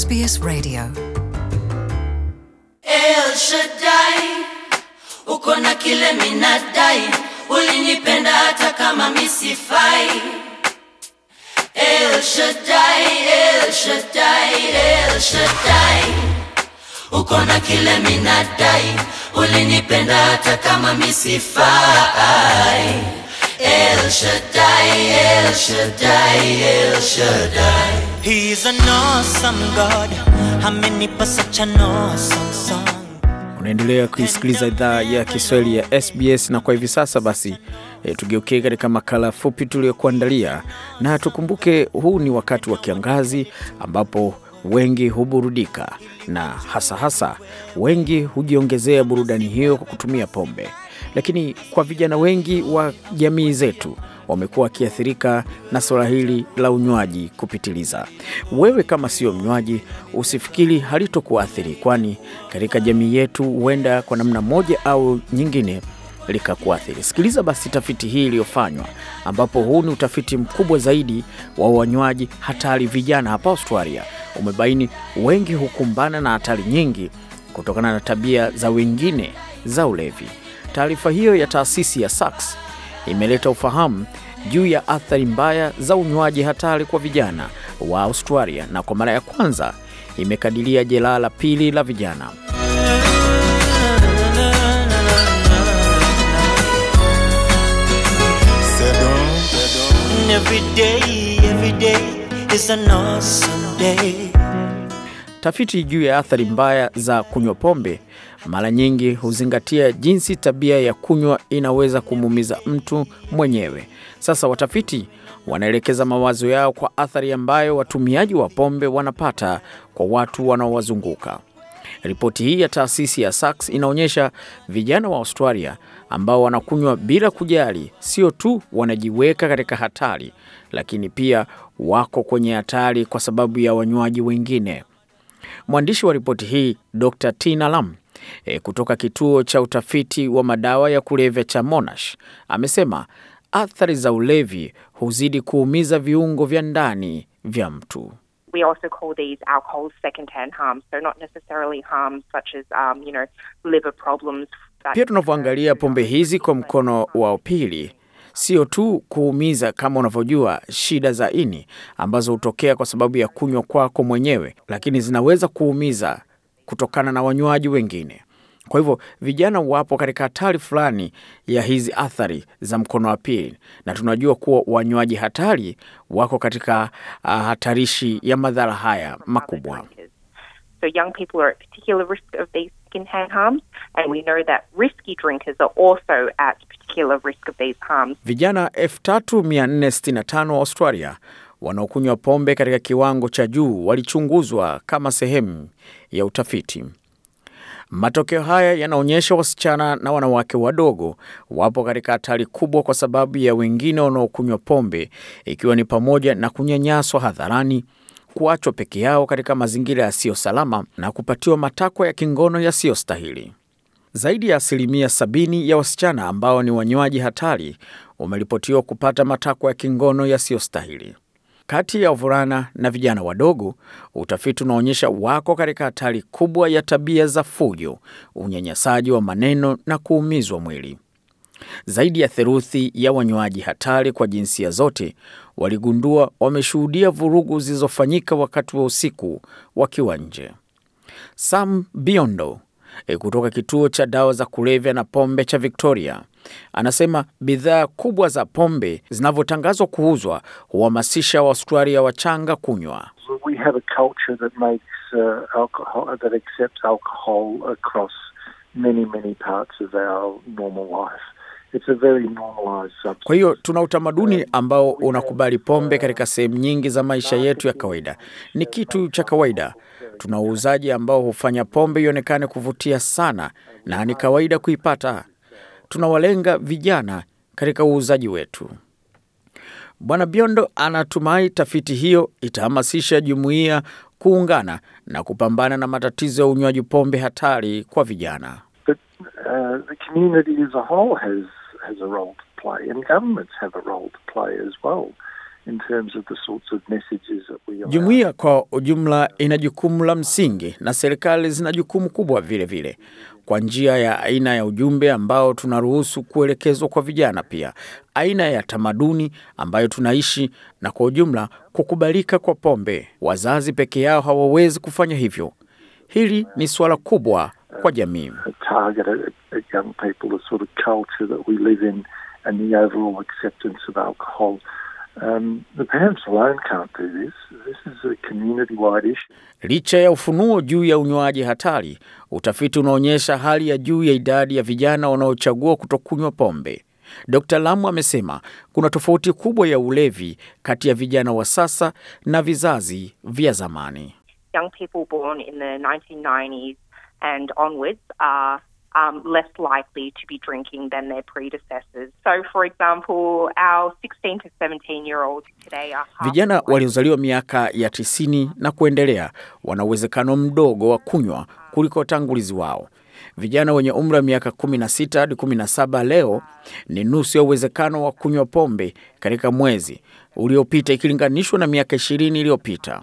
SBS Radio. El Shaddai, uko na kile minadai, ulinipenda hata kama misifai. El Shaddai, El Shaddai, El Shaddai, uko na kile minadai, ulinipenda hata kama misifai. El Shaddai, El Shaddai, El Shaddai. He's an awesome God. such an awesome song. Unaendelea kuisikiliza idhaa ya Kiswahili ya SBS na kwa hivi sasa basi e, eh, tugeukie katika makala fupi tuliyokuandalia, na tukumbuke huu ni wakati wa kiangazi ambapo wengi huburudika na hasa hasa wengi hujiongezea burudani hiyo kwa kutumia pombe, lakini kwa vijana wengi wa jamii zetu wamekuwa wakiathirika na suala hili la unywaji kupitiliza. Wewe kama sio mnywaji, usifikiri halitokuathiri, kwani katika jamii yetu huenda kwa namna moja au nyingine likakuathiri. Sikiliza basi tafiti hii iliyofanywa, ambapo huu ni utafiti mkubwa zaidi wa wanywaji hatari vijana hapa Australia, umebaini wengi hukumbana na hatari nyingi kutokana na tabia za wengine za ulevi. Taarifa hiyo ya taasisi ya Saks imeleta ufahamu juu ya athari mbaya za unywaji hatari kwa vijana wa Australia, na kwa mara ya kwanza imekadiria jeraha la pili la vijana. Tafiti juu ya athari mbaya za kunywa pombe mara nyingi huzingatia jinsi tabia ya kunywa inaweza kumuumiza mtu mwenyewe. Sasa watafiti wanaelekeza mawazo yao kwa athari ambayo watumiaji wa pombe wanapata kwa watu wanaowazunguka. Ripoti hii ya taasisi ya Saks inaonyesha vijana wa Australia ambao wanakunywa bila kujali, sio tu wanajiweka katika hatari, lakini pia wako kwenye hatari kwa sababu ya wanywaji wengine. Mwandishi wa ripoti hii Dr Tina Lam e, kutoka kituo cha utafiti wa madawa ya kulevya cha Monash amesema athari za ulevi huzidi kuumiza viungo vya ndani vya mtu. We also call these second-hand harms, so not necessarily harms such as, um, you know, liver problems. Pia tunavyoangalia pombe hizi kwa mkono wa pili, sio tu kuumiza kama unavyojua shida za ini ambazo hutokea kwa sababu ya kunywa kwako mwenyewe, lakini zinaweza kuumiza kutokana na wanywaji wengine. Kwa hivyo vijana wapo katika hatari fulani ya hizi athari za mkono wa pili, na tunajua kuwa wanywaji hatari wako katika uh, hatarishi ya madhara haya makubwa. So young people are at particular risk of these harms, and we know that risky drinkers are also at particular risk of these harms. Vijana 3465 wa Australia wanaokunywa pombe katika kiwango cha juu walichunguzwa kama sehemu ya utafiti. Matokeo haya yanaonyesha wasichana na wanawake wadogo wapo katika hatari kubwa kwa sababu ya wengine wanaokunywa pombe, ikiwa ni pamoja na kunyanyaswa hadharani, kuachwa peke yao katika mazingira yasiyo salama na kupatiwa matakwa ya kingono yasiyostahili. Zaidi ya asilimia sabini ya wasichana ambao ni wanywaji hatari wameripotiwa kupata matakwa ya kingono yasiyostahili kati ya wavulana na vijana wadogo, utafiti unaonyesha wako katika hatari kubwa ya tabia za fujo, unyanyasaji wa maneno na kuumizwa mwili. Zaidi ya theluthi ya wanywaji hatari kwa jinsia zote waligundua wameshuhudia vurugu zilizofanyika wakati wa usiku wakiwa nje. Sam Biondo E, kutoka kituo cha dawa za kulevya na pombe cha Victoria. Anasema bidhaa kubwa za pombe zinavyotangazwa kuuzwa huhamasisha Waaustralia wachanga kunywa it's a very normalized substance. Kwa hiyo tuna utamaduni ambao unakubali pombe katika sehemu nyingi za maisha yetu ya kawaida, ni kitu cha kawaida. Tuna uuzaji ambao hufanya pombe ionekane kuvutia sana na ni kawaida kuipata. Tunawalenga vijana katika uuzaji wetu. Bwana Biondo anatumai tafiti hiyo itahamasisha jumuiya kuungana na kupambana na matatizo ya unywaji pombe hatari kwa vijana. But, uh, the community as a whole has has a role to play, and governments have a role to play as well. In terms of the sorts of messages that we jumuiya kwa ujumla ina jukumu la msingi na serikali zina jukumu kubwa vile vile kwa njia ya aina ya ujumbe ambao tunaruhusu kuelekezwa kwa vijana, pia aina ya tamaduni ambayo tunaishi, na kwa ujumla kukubalika kwa pombe. Wazazi peke yao hawawezi kufanya hivyo. Hili ni suala kubwa kwa jamii teach young people the sort of culture that we live in and the overall acceptance of alcohol. Um, the parents alone can't do this. This is a community-wide issue. Licha ya ufunuo juu ya unywaji hatari, utafiti unaonyesha hali ya juu ya idadi ya vijana wanaochagua kutokunywa pombe. Dr. Lamu amesema kuna tofauti kubwa ya ulevi kati ya vijana wa sasa na vizazi vya zamani. Young people born in the 1990s and onwards are um, less likely to be drinking than their predecessors. So for example, our 16 to 17 year olds today are vijana waliozaliwa miaka ya 90 na kuendelea wana uwezekano mdogo wa kunywa kuliko watangulizi wao. Vijana wenye umri wa miaka 16 hadi 17 leo ni nusu ya uwezekano wa kunywa pombe katika mwezi uliopita ikilinganishwa na miaka 20 iliyopita.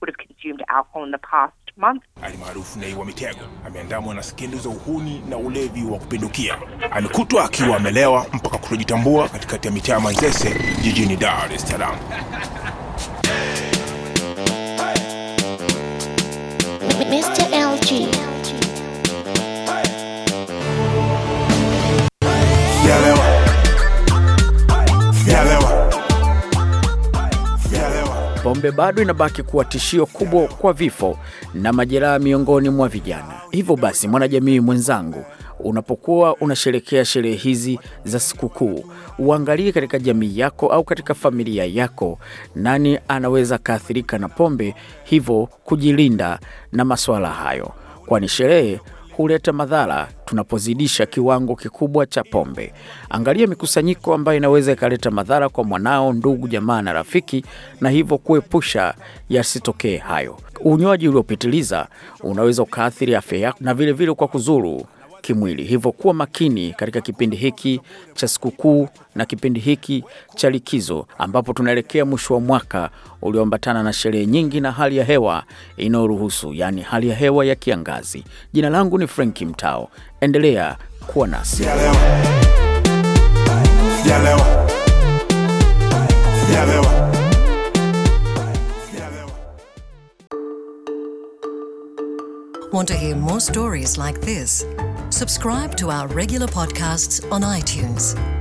would have consumed alcohol in the past month. Almaarufu Nay wa Mitego ameandamwa na skendo za uhuni na ulevi wa kupindukia. Amekutwa akiwa amelewa mpaka kutojitambua katikati ya mitaa ya Manzese jijini Dar es Salaam. Mr. LG. pombe bado inabaki kuwa tishio kubwa kwa vifo na majeraha miongoni mwa vijana. Hivyo basi, mwanajamii mwenzangu, unapokuwa unasherekea sherehe hizi za sikukuu, uangalie katika jamii yako au katika familia yako, nani anaweza akaathirika na pombe, hivyo kujilinda na masuala hayo, kwani sherehe huleta madhara tunapozidisha kiwango kikubwa cha pombe. Angalia mikusanyiko ambayo inaweza ikaleta madhara kwa mwanao, ndugu, jamaa na rafiki, na hivyo kuepusha yasitokee hayo. Unywaji uliopitiliza unaweza ukaathiri afya yako na vilevile vile kwa kuzuru kimwili. Hivyo kuwa makini katika kipindi hiki cha sikukuu na kipindi hiki cha likizo, ambapo tunaelekea mwisho wa mwaka ulioambatana na sherehe nyingi na hali ya hewa inayoruhusu, yaani hali ya hewa ya kiangazi. Jina langu ni Frank Mtao, endelea kuwa nasi. Want to hear more stories like this? subscribe to our regular podcasts on iTunes.